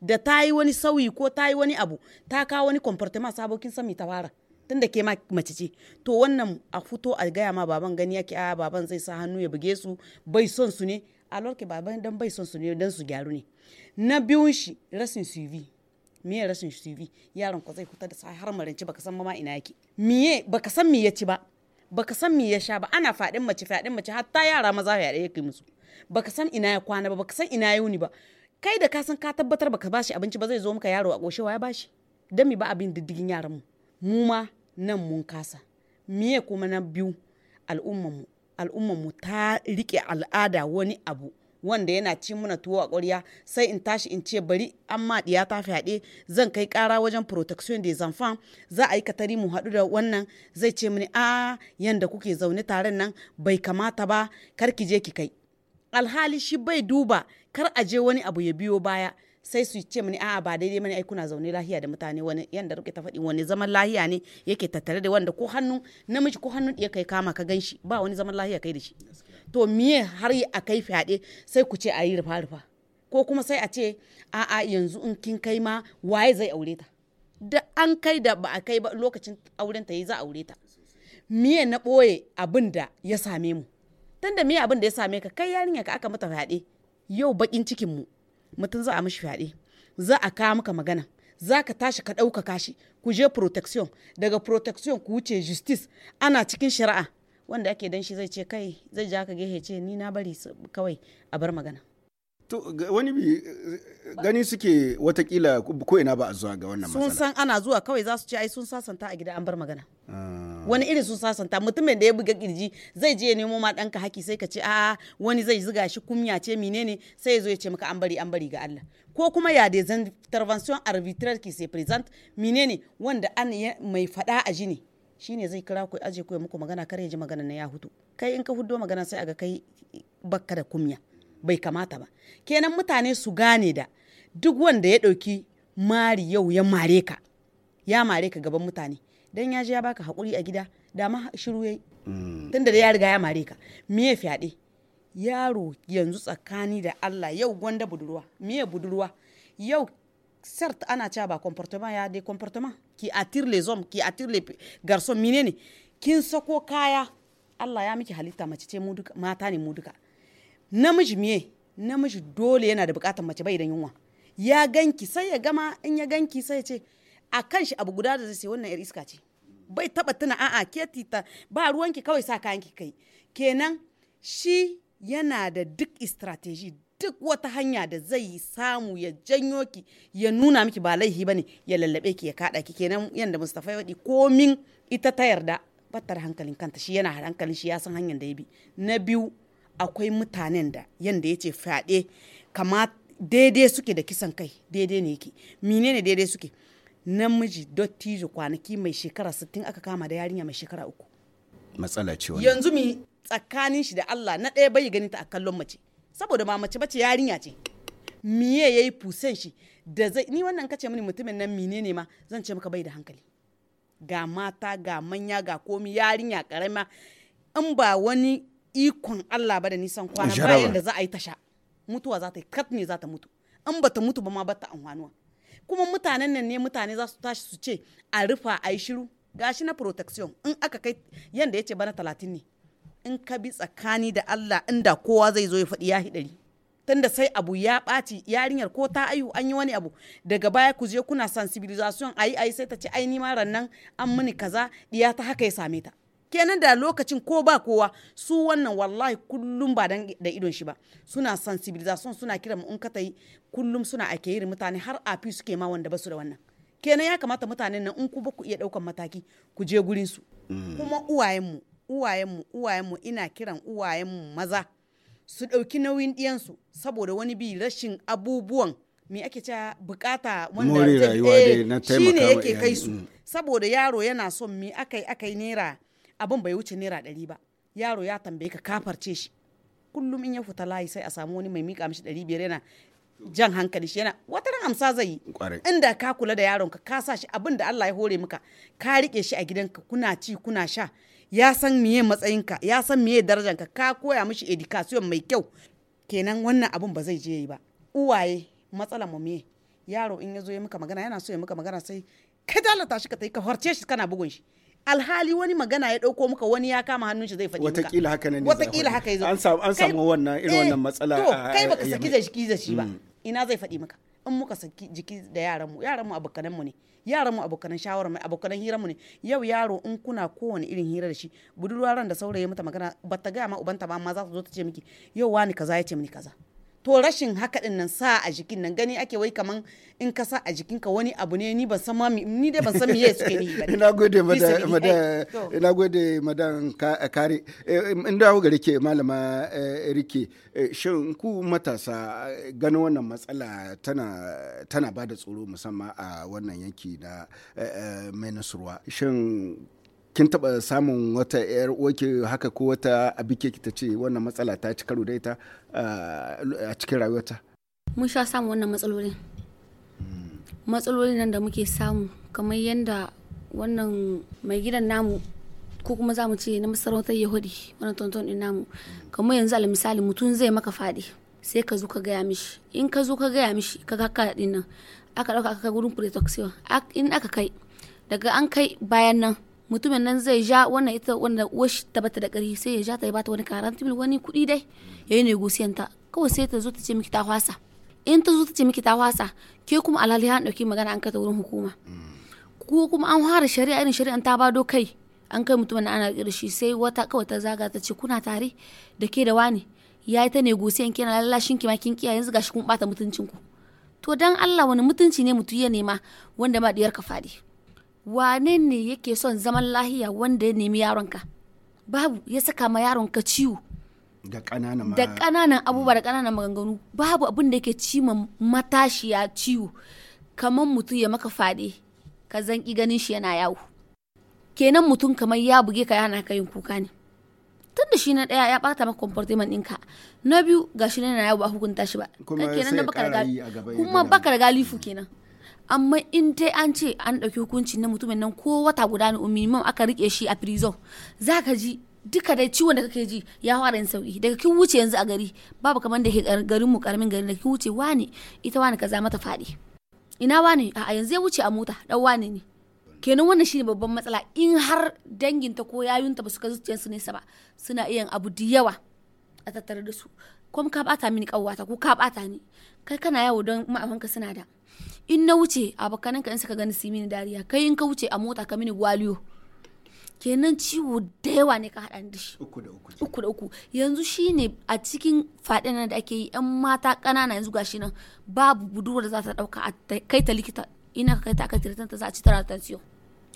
da ta yi wani sauyi ko ta yi wani abu ta kawo wani comportement sabo kin san mi ta fara tunda ke ma mace ce to wannan a fito a gaya ma baban gani yake a baban zai sa hannu ya buge su bai son su ne a lorke baban dan bai son su ne dan su gyaru ne na biyun shi rasin CV miye rashin CV yaron ko zai fita da sa har maranci baka san ma ina yake miye baka san me ya ci ba baka san me ya sha ba ana fadin mace fadin mace hatta yara maza ya yake musu baka san ina ya kwana ba baka san ina ya yuni ba kai da ka san ka tabbatar baka bashi abinci ba zai zo maka yaro a goshewa ya bashi dan me ba abin diddigin yaran mu mu ma nan mun kasa miye kuma na biyu al'umman mu al'umman mu ta rike al'ada wani abu wanda yana ci muna tuwo a ƙwarya sai in tashi in ce bari an ma ɗiya ta fyaɗe zan kai ƙara wajen protection des enfants za a yi katari mu haɗu da wannan zai ce mini a yanda kuke zaune taren nan bai kamata ba kar ki je ki kai alhali shi bai duba kar a je wani abu ya biyo baya sai su ce mini a'a ba daidai mani ai kuna zaune lahiya da mutane wani yanda ruke ta faɗi wani zaman lahiya ne yake tattare da wanda ko hannu namiji ko hannu ya kai kama ka ganshi ba wani zaman lahiya kai da shi to miye har a kai fyaɗe sai ku ce a yi rufa rufa ko kuma sai a ce a'a yanzu in kin kai ma waye zai aure ta da an kai da ba a kai ba lokacin auren ta yi za a aure ta miye na ɓoye abin da ya same mu tun da miye abin da ya same ka kai yarinya ka aka mata fyaɗe yau bakin cikin mu mutum za a mishi fyaɗe za a kawo maka magana za ka tashi ka ɗauka kashi ku je protection daga protection ku wuce justice ana cikin shari'a wanda ake dan shi zai ce kai zai ja ka gehe ce ni na bari kawai a bar magana to wani bi gani suke watakila ko ina ba a zuwa ga wannan matsala sun san ana zuwa kawai za su ce ai sun sasanta a gida an bar magana ah. wani irin sun sasanta mutumin da ya buga kirji zai je ya nemo ma danka haki sai ka ce a wani zai ziga shi kumya ce menene sai ya zo ya ce maka an bari an bari ga Allah ko kuma ya des intervention arbitraire qui se présente menene wanda an mai fada a jini ne shine zai kira ku aje ku muku magana kar ji magana na ya hutu kai in ka hudo magana sai aga kai bakka da kumya bai kamata ba kenan mutane su gane da duk wanda ya ɗauki mari yau ya mare ka ya mare ka gaban mutane dan ya je ya baka hakuri a gida da ma shiru yayi mm. tunda da ya riga ya mare ka me ya fyaɗe yaro yanzu tsakani da Allah yau gwanda budurwa me ya budurwa yau sart ana cewa ba comportement ya dai comportement qui attire les hommes qui attire les garçons menene kin sako kaya Allah ya miki halitta mace ce mu mata ne mu duka namiji miye namiji dole yana da bukatar mace bai da yunwa ya ganki sai ya gama in ya ganki sai ya ce a kan shi abu guda da zai ce wannan yar iska ce bai taba tuna a'a ke tita ba ruwanki kawai sa kayanki kai kenan shi yana da duk strategy duk wata hanya da zai samu ya janyo ki ya nuna miki ba laihi bane ya lallabe ki ya kada ki kenan yanda Mustafa ya wadi komin ita ta yarda battar hankalin kanta shi yana hankalin shi ya san hanyar da ya bi na biyu akwai mutanen da yanda ya ce fyaɗe kama daidai suke da kisan kai daidai ne yake menene daidai suke namiji dottijo kwanaki mai shekara 60 aka kama da yarinya mai shekara uku matsala ce yanzu mi tsakanin shi da Allah na ɗaya bai gani ta a kallon mace saboda ba mace bace yarinya ce miye yayi fusen shi da zai ni wannan kace mini mutumin nan ne ma zan ce maka bai da hankali ga mata ga manya ga komi yarinya karama in ba wani ikon Allah ba da nisan kwana bayan da za a yi tasha mutuwa za ta yi kat ne za ta mutu in ba ta mutu ba ma ba ta anwanuwa kuma mutanen nan ne mutane za su tashi su ce a rufa a yi shiru gashi na protection in aka kai yanda ya ce bana talatin ne in ka bi tsakani da Allah inda kowa zai zo ya faɗi ya hidari tunda sai abu ya ɓaci yarinyar ko ta ayu an yi wani abu daga baya ku je kuna sensibilisation ayi ayi sai ta ce ai ma rannan an mini kaza diya ta haka ya same ta kenan da lokacin ko ba kowa su wannan wallahi kullum ba da idon shi ba suna sensibilisation suna kira mu in ka tayi kullum suna ake yi mutane har fi suke ma wanda basu da wannan kenan ya kamata mutanen nan in ku ba ku iya daukan mataki ku je gurin su mm. kuma uwayenmu uwayenmu uwayenmu ina kiran uwayenmu maza su ɗauki nauyin ɗiyansu saboda wani bi rashin abubuwan me ake cewa bukata wanda eh, shi ne yake kai su mm. saboda yaro yana son me akai akai naira abin bai wuce naira ɗari ba yaro ya tambaye ka kafarce shi kullum in ya fita layi sai a samu wani mai mika mishi ɗari biyar yana jan hankali shi yana wata ran amsa zai yi inda ka kula da yaron ka sa shi abin da Allah ya hore maka ka rike shi a gidanka kuna ci kuna sha ya san miye matsayinka ya san miye darajanka ka koya mishi education mai kyau kenan wannan abun ba zai je yi ba uwaye matsala mu me yaro in ya zo ya maka magana yana so ya maka magana sai ka dalata shi ka tai ka harce shi kana bugun shi alhali wani magana ya dauko muka wani ya kama hannun shi zai faɗi wata kila haka ne watakila haka yazo an samu an samu wannan irin wannan eh, matsala to kai baka saki da shi ba mm. ina zai faɗi maka in muka saki jiki da yaran mu yaran mu abukanan mu ne yaran mu abokanan shawara mai abokanan hira mu ne yau yaro in kuna kowane irin hira da shi budurwa ran da saurayi mata magana bata gaya ma ubanta ba amma za ta zo ta ce miki yau wani kaza ya ce mini kaza to rashin haka din nan sa a jikin nan gani ake wai kaman in ka sa a jikin ka wani abu ne ni ban san ma ni dai ban san yake suke ni ba ina eh, eh, gode madam ina gode eh, madam kare in dawo gare rike malama rike shin ku matasa gano wannan matsala tana tana bada tsoro musamman a wannan yanki na menasurwa shin kin taba samun wata yar oke haka ko wata abike ki ta ce wannan matsala ta ci karo da ita ah, a cikin rayuwarta mun sha samu wannan matsalolin matsalolin nan da muke samu kamar yadda wannan mai gidan namu ko kuma za mu ce na masarautar yahudi wannan tonton din namu kamar yanzu al misali mutum zai maka fadi sai ka zo ka gaya mishi in ka zo ka gaya mishi ka kaka din nan aka dauka aka kai gurin pretoxion in aka kai daga an kai bayan nan mutumin nan zai ja wannan ita wanda washi ta bata da ƙarfi sai ya ja ta ya bata wani karan mil wani kuɗi dai ya yi negosiyan ta kawai sai ta zo ta ce miki ta hwasa in ta zo ta ce miki ta hwasa ke kuma alhali an ɗauki magana an kai ta wurin hukuma ko kuma an fara shari'a irin shari'an ta bado kai an kai mutumin ana riƙe da shi sai wata kawai ta zaga ta ce kuna tare da ke da wani ya yi ta negosiyan kina lallashin ki ma kin kiyaye yanzu gashi kuma bata mutuncin ku to dan Allah wani mutunci ne mutu ya nema wanda ma diyar ka fadi wane ne yake son zaman lahiya wanda ya nemi yaronka babu ya saka ma yaronka ciwo da ƙananan da ƙananan abubuwa da ƙananan maganganu babu abin da yake matashi matashiya ciwo kamar mutum ya maka fade ka zanki ganin shi yana yawo kenan mutum kamar ya buge ka yana kayin kuka ne tun da shi na ɗaya ya ɓata maka comportment ɗinka na biyu gashi na yana yawo ba hukunta shi ba kuma baka da galifu kenan amma in dai an ce an ɗauki hukunci na mutumin nan ko wata guda ne minimum aka rike shi a prison za ka ji duka dai ciwon da kake ji ya fara yin sauki daga kin wuce yanzu a gari babu kamar da garin mu karamin garin da kin wuce wani ita wani kaza mata faɗi ina wani a yanzu ya wuce a mota dan wani ne kenan wannan shine babban matsala in har danginta ko yayunta ba su ka zuciyarsu nesa ba suna iya abu da yawa a tattare da su ko ka bata mini kawata ko ka bata ni kai kana yawo don ma'afanka suna da in na wuce ka in suka gani su mini dariya kai in ka wuce a mota ka mini gwaliyo kenan ciwo da yawa ne ka hada da shi uku da uku yanzu shine a cikin faɗin da ake yi yan mata ƙanana yanzu gashi nan babu budurwar da za ta ɗauka a kai ta likita ina ka kai ta aka ta za a ci tara tansiyo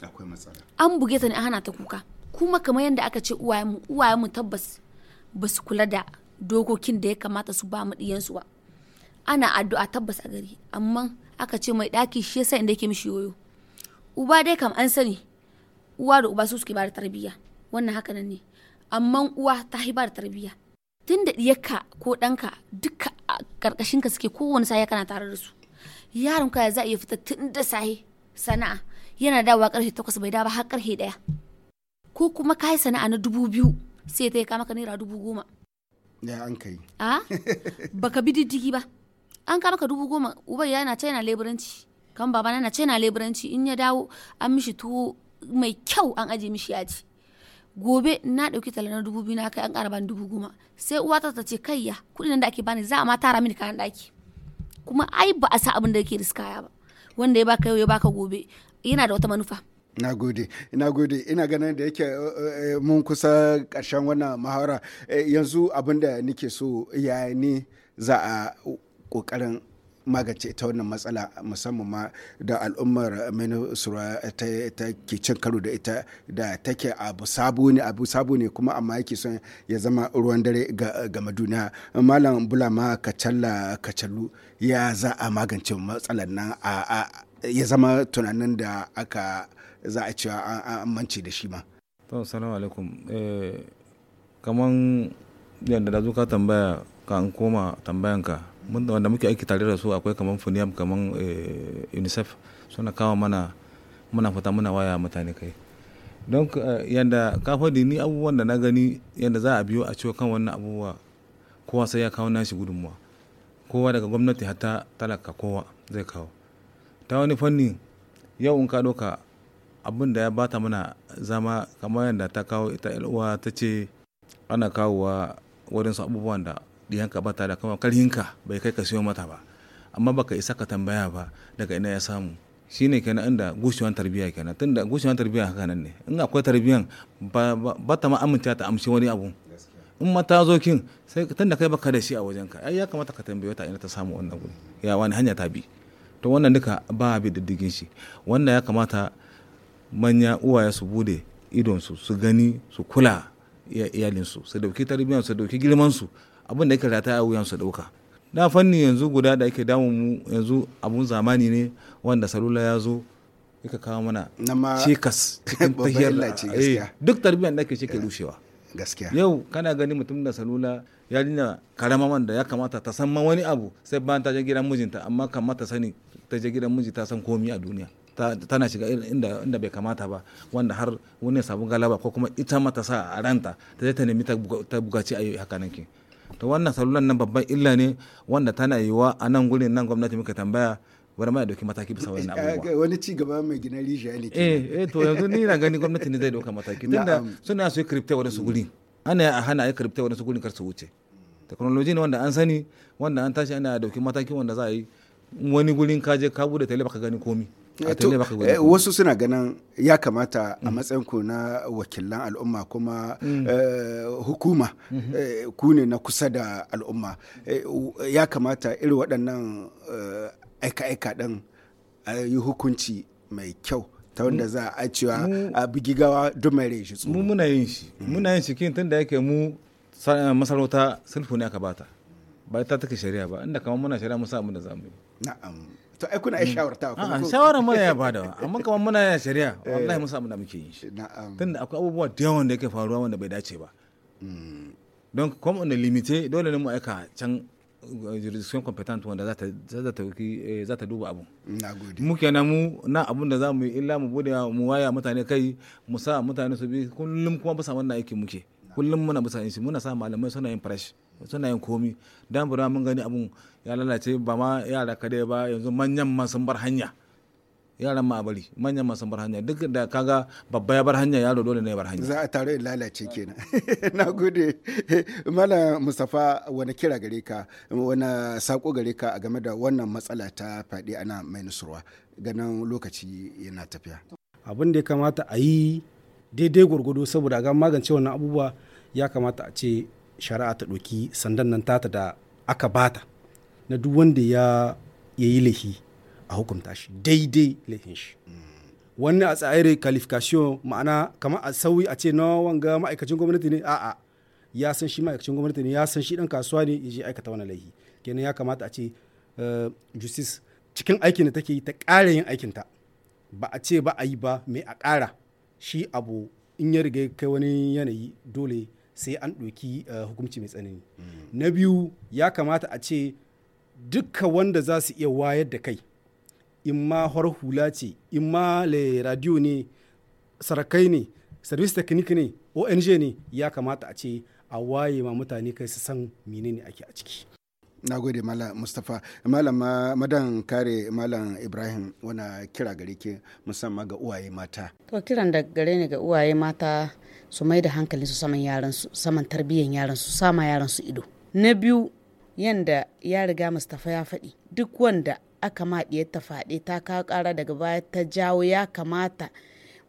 akwai matsala an buge ta ne a hana ta kuka kuma kamar yadda aka ce uwayenmu uwayenmu tabbas ba su kula da dokokin da ya kamata su ba maɗiyansu ba ana addu'a tabbas a gari amma aka ce mai ɗaki shi yasa inda yake mishi yoyo uba dai kam an sani uwa da uba su suke da tarbiyya wannan haka nan ne amma uwa ta haifa da tarbiyya tun da ɗiyarka ko ɗanka duka a ƙarƙashinka suke kowane sahe kana tare da su yaron ka za a iya fita tun da sahi sana'a yana dawowa ƙarfe takwas bai da ba har ƙarfe ɗaya ko kuma ka yi sana'a na dubu biyu sai ta yi kama ka naira dubu goma ya an kai a baka bi diddigi ba an kama ka dubu goma uba ya na china leburanci kan baba na china leburanci in ya dawo an mishi tuwo mai kyau an aje mishi ci. gobe na ɗauki tala na dubu biyu na kai an ƙara bani dubu goma sai uwata ta ce kai ya kuɗin da ake bani za a ma tara mini kayan ɗaki kuma ai ba a sa abin da yake riskaya ba wanda ya baka yau ya baka gobe yana da wata manufa na gode na gode ina ganin da yake eh, eh, eh, mun kusa karshen wannan mahawara yanzu abin da nike so ya ne za a ƙoƙarin magance ta wannan matsala musamman ma da al'ummar minisura ta ke cin karo da ita da take abu sabo ne abu sabo ne kuma amma yake son ya zama ruwan dare ga maduna malam bulama kacalla kacallu ya za a magance matsalar nan ya zama tunanin da aka za a cewa an mance da shi ma to salamu alaikum eh, kaman yadda da ka tambaya ka an koma tambayanka wanda muke aiki tare da su akwai kaman funiyam kaman eh, unicef suna kawo mana muna fita muna waya mutane kai don eh, yadda ka faɗi ni abubuwan da na gani yadda za a biyo a ciwo kan wannan abubuwa kowa sai ya kawo nashi gudunmuwa kowa daga gwamnati hatta talaka kowa zai kawo ta wani fanni yau in ka ɗauka abin da ya bata mana zama kamar yadda ta kawo ita uwa ta ce ana kawowa su abubuwan da diyanka bata da kama karhinka bai kai ka siyo mata ba amma baka isa ka tambaya ba daga ina ya samu shine kenan inda gushewan tarbiyya kenan tunda gushewan tarbiyya haka nan ne in akwai tarbiyan ba ta ma aminta ta amshi wani abu in ma ta zo kin sai tunda kai baka da shi a wajenka ai ya kamata ka tambaye ta ina ta samu wannan guri ya wani hanya ta bi to wannan duka ba bi diddigin shi wannan ya kamata manya uwaye su bude idonsu su gani su kula iyalinsu su dauki tarbiyyar su dauki girman su abin da yake rata a wuyan su dauka na fanni yanzu guda da yake damun mu yanzu abun zamani ne wanda salula ya zo yake kawo mana cikas cikin tahiyar eh, duk tarbiyyar da ake ke eh, rushewa gaskiya yau kana gani mutum da salula ya dina karama wanda ya kamata ta san ma wani abu sai bayan ta je gidan mijinta amma kamata sani ta je gidan miji ta san komi a duniya tana shiga inda inda bai kamata ba wanda har wani samu galaba ko kuma ita mata sa a ranta ta zai ta nemi ta bugaci a yi haka nan to wannan salulan nan babban illa ne wanda tana yiwa a nan gurin nan gwamnati muka tambaya wani ma ya dauki mataki bisa wani eh, abubuwa eh, wani ci gaba mai gina rijiya ne eh eh to yanzu ni na gani gwamnati ne zai dauka mataki tunda suna su yi kripta wani su guri ana a hana a yi wani su guri kar su wuce teknoloji ne wanda an sani wanda an tashi ana dauki mataki wanda za a yi wani gurin kaje ka bude tele baka gani komi Eh, eh, wasu suna ganin ya kamata a matsayin ku na wakilan al'umma kuma mm. eh, hukuma mm-hmm. ku ne na kusa da al'umma ya kamata irin waɗannan aika-aika ɗin a yi hukunci mai kyau ta wanda mm. za a cewa a bugi gawa don mai rai shi mu muna yin shi mm. muna yin shi kin tun da yake mu masarauta sulhu ne aka bata ba ta take shari'a ba inda kamar muna shari'a mu sa mu da zamu yi na'am to ai kuna ai mm. shawarta kuma shawara muna ya bada amma kamar muna ya shari'a eh. wallahi mun samu da muke yin shi tunda akwai abubuwa da yawan da yake faruwa wanda bai dace ba mm. don kuma on limite dole ne mu aika can eh, jurisdiction competent wanda za ta eh, duba abun mu kenan mu na abun da za mu yi illa mu bude mu waya mutane kai mu sa mutane su bi kullum kuma bisa wannan aikin muke kullum muna musa yin shi muna sa malamai suna yin fresh suna yin komi dan burma mun gani abun ya lalace ba ma yara kadai ba yanzu manyan ma sun bar hanya yaran ma a bari manyan ma sun bar hanya duk da kaga babba ya bar hanya yaro dole ne ya bar hanya za a tare lalace kenan na gode mala mustafa wani kira gare ka wani sako gare ka a game da wannan matsala ta faɗi ana mai nusurwa ganin lokaci yana tafiya abin da ya kamata a yi daidai gwargwado saboda ga magance wannan abubuwa ya kamata a ce shari'a ta ɗauki sandan nan tata da aka bata na duk wanda ya yi laifi a hukunta shi daidai laifin shi wani a tsayar qualification ma'ana kamar a sauyi a ce na wanga ma'aikacin gwamnati ne a'a ya san shi ma'aikacin gwamnati ne ya san shi dan kasuwa ne ya je aikata wani laifi kenan ya kamata a ce eh, justice cikin aikin da take yi ta ƙara yin ta ba a ce ba a yi ba mai a ƙara shi abu in ya riga kai wani yanayi dole sai an ɗoki eh, hukunci mai tsanani na biyu ya kamata a ce dukka wanda za su iya wayar da kai in ma har hula ce in ma radio ne sarakai ne service technique ne ong ne ya kamata a ce a waye ma mutane kai su san menene ake a ciki na gode malam mustapha malam madan kare malam ibrahim wana kira gare ke musamman ga uwaye mata to kiran da gare ne ga uwaye mata su mai da hankalin su saman yaran su saman tarbiyyan yaran su sama yaran su ido na biyu yanda ya riga Mustapha ya faɗi duk wanda aka ma ta faɗe ta kawo ƙara daga baya ta jawo ya kamata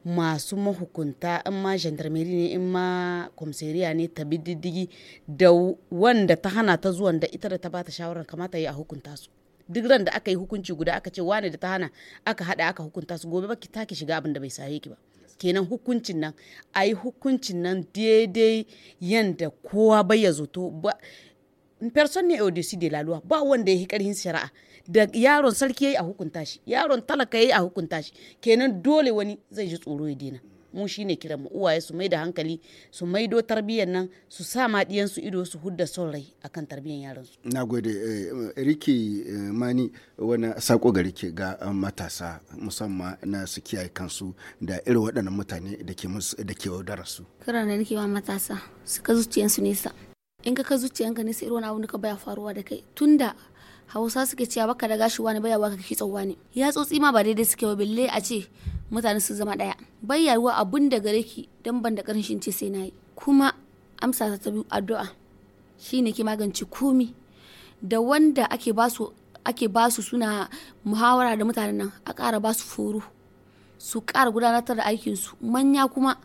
masu mahukunta in ma gendarmerie ne in ma komisariya ne ta bi diddigi da wanda ta hana ta zuwan da ita da ta bata shawarar kamata yi a hukunta su duk ran da aka yi hukunci guda aka ce wane da ta hana aka hada aka hukunta su gobe baki take shiga abin da bai saye ki ba kenan hukuncin nan a yi hukuncin nan daidai yadda kowa bai ya zoto ba person ne au de laluwa ba wanda ya yi karhin shari'a da yaron sarki ya yi a hukunta shi yaron talaka ya yi a hukunta shi kenan dole wani zai ji tsoro ya dina. mu shine kiran mu uwaye su mai da hankali su maido tarbiyyar nan su sa ma su ido su hudda son rai akan tarbiyyar yaran su nagode eh, riki eh, mani wani sako gari ke ga matasa musamman na su kiyaye kansu da irin waɗannan mutane da ke da ke su kira da nake wa matasa su ka zuciyarsu nesa in ka ka zuciyanka nesa irin wani abu da ka baya faruwa da kai tunda hausa suke cewa baka da gashi wani baya waka kitson wani ya tsotsi ma ba daidai suke ba bille a ce mutane su zama daya bai abun da gare ki dan ban da karshen ce sai nayi kuma amsa ta biyu addu'a shine ki magance komi da wanda ake basu ake basu suna muhawara da mutanen nan a ƙara basu foro su ƙara gudanar da su manya kuma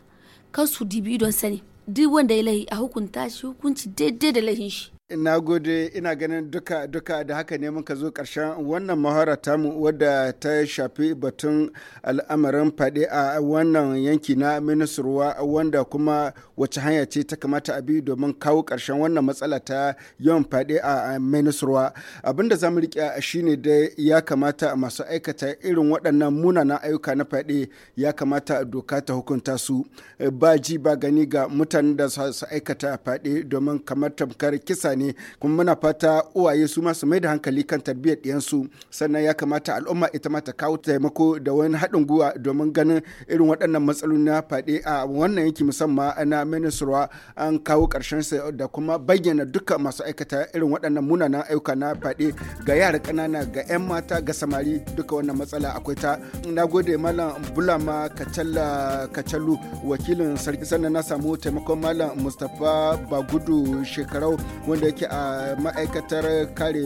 kan su dibi don sani duk wanda ya lahi a hukunta shi hukunci daidai da lahin shi Na gode ina ganin duka duka da haka ne muka zo karshen wannan mahara tamu wadda ta shafi batun al'amarin faɗi a wannan yanki na Minisruwa wanda kuma wace hanya ce ta kamata a bi domin kawo karshen wannan matsala ta yawan faɗi a Minisruwa. Abin da zamu riƙe shine dai ya kamata masu aikata irin waɗannan munanan ayyuka na faɗi ya kamata doka ta hukunta su ba ji ba gani ga mutanen da su aikata faɗi domin kamar tamkar kisa mutane kuma muna fata uwaye su masu mai da hankali kan tarbiyyar ɗiyansu sannan ya kamata al'umma ita ma ta kawo taimako da wani haɗin gwiwa domin ganin irin waɗannan matsaloli na faɗi a wannan yanki musamman na minisruwa an kawo ƙarshen sa da kuma bayyana dukkan masu aikata irin waɗannan munanan ayyuka na faɗi ga yara ƙanana ga 'yan mata ga samari duka wannan matsala akwai ta na gode malam bulama kacalla kacallu wakilin sarki sannan na samu taimakon malam mustapha bagudu shekarau wanda da yake a ma'aikatar kare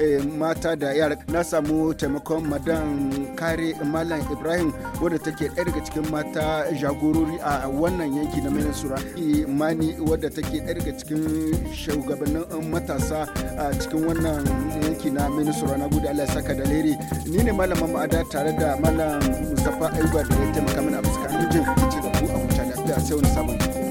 eh, mata da yara na samu taimakon madan kare malam ibrahim wadda take ɗaya daga cikin mata jagorori a wannan yanki na minnesota imani wadda take ɗaya daga cikin shugabannin eh, matasa a cikin wannan yanki na minnesota na gudu allah saka da leri ni ne malamin ma'ada tare da malam mustapha ayuba da ya taimaka mana a fuskar injin ci da ku a huta lafiya sai wani sabon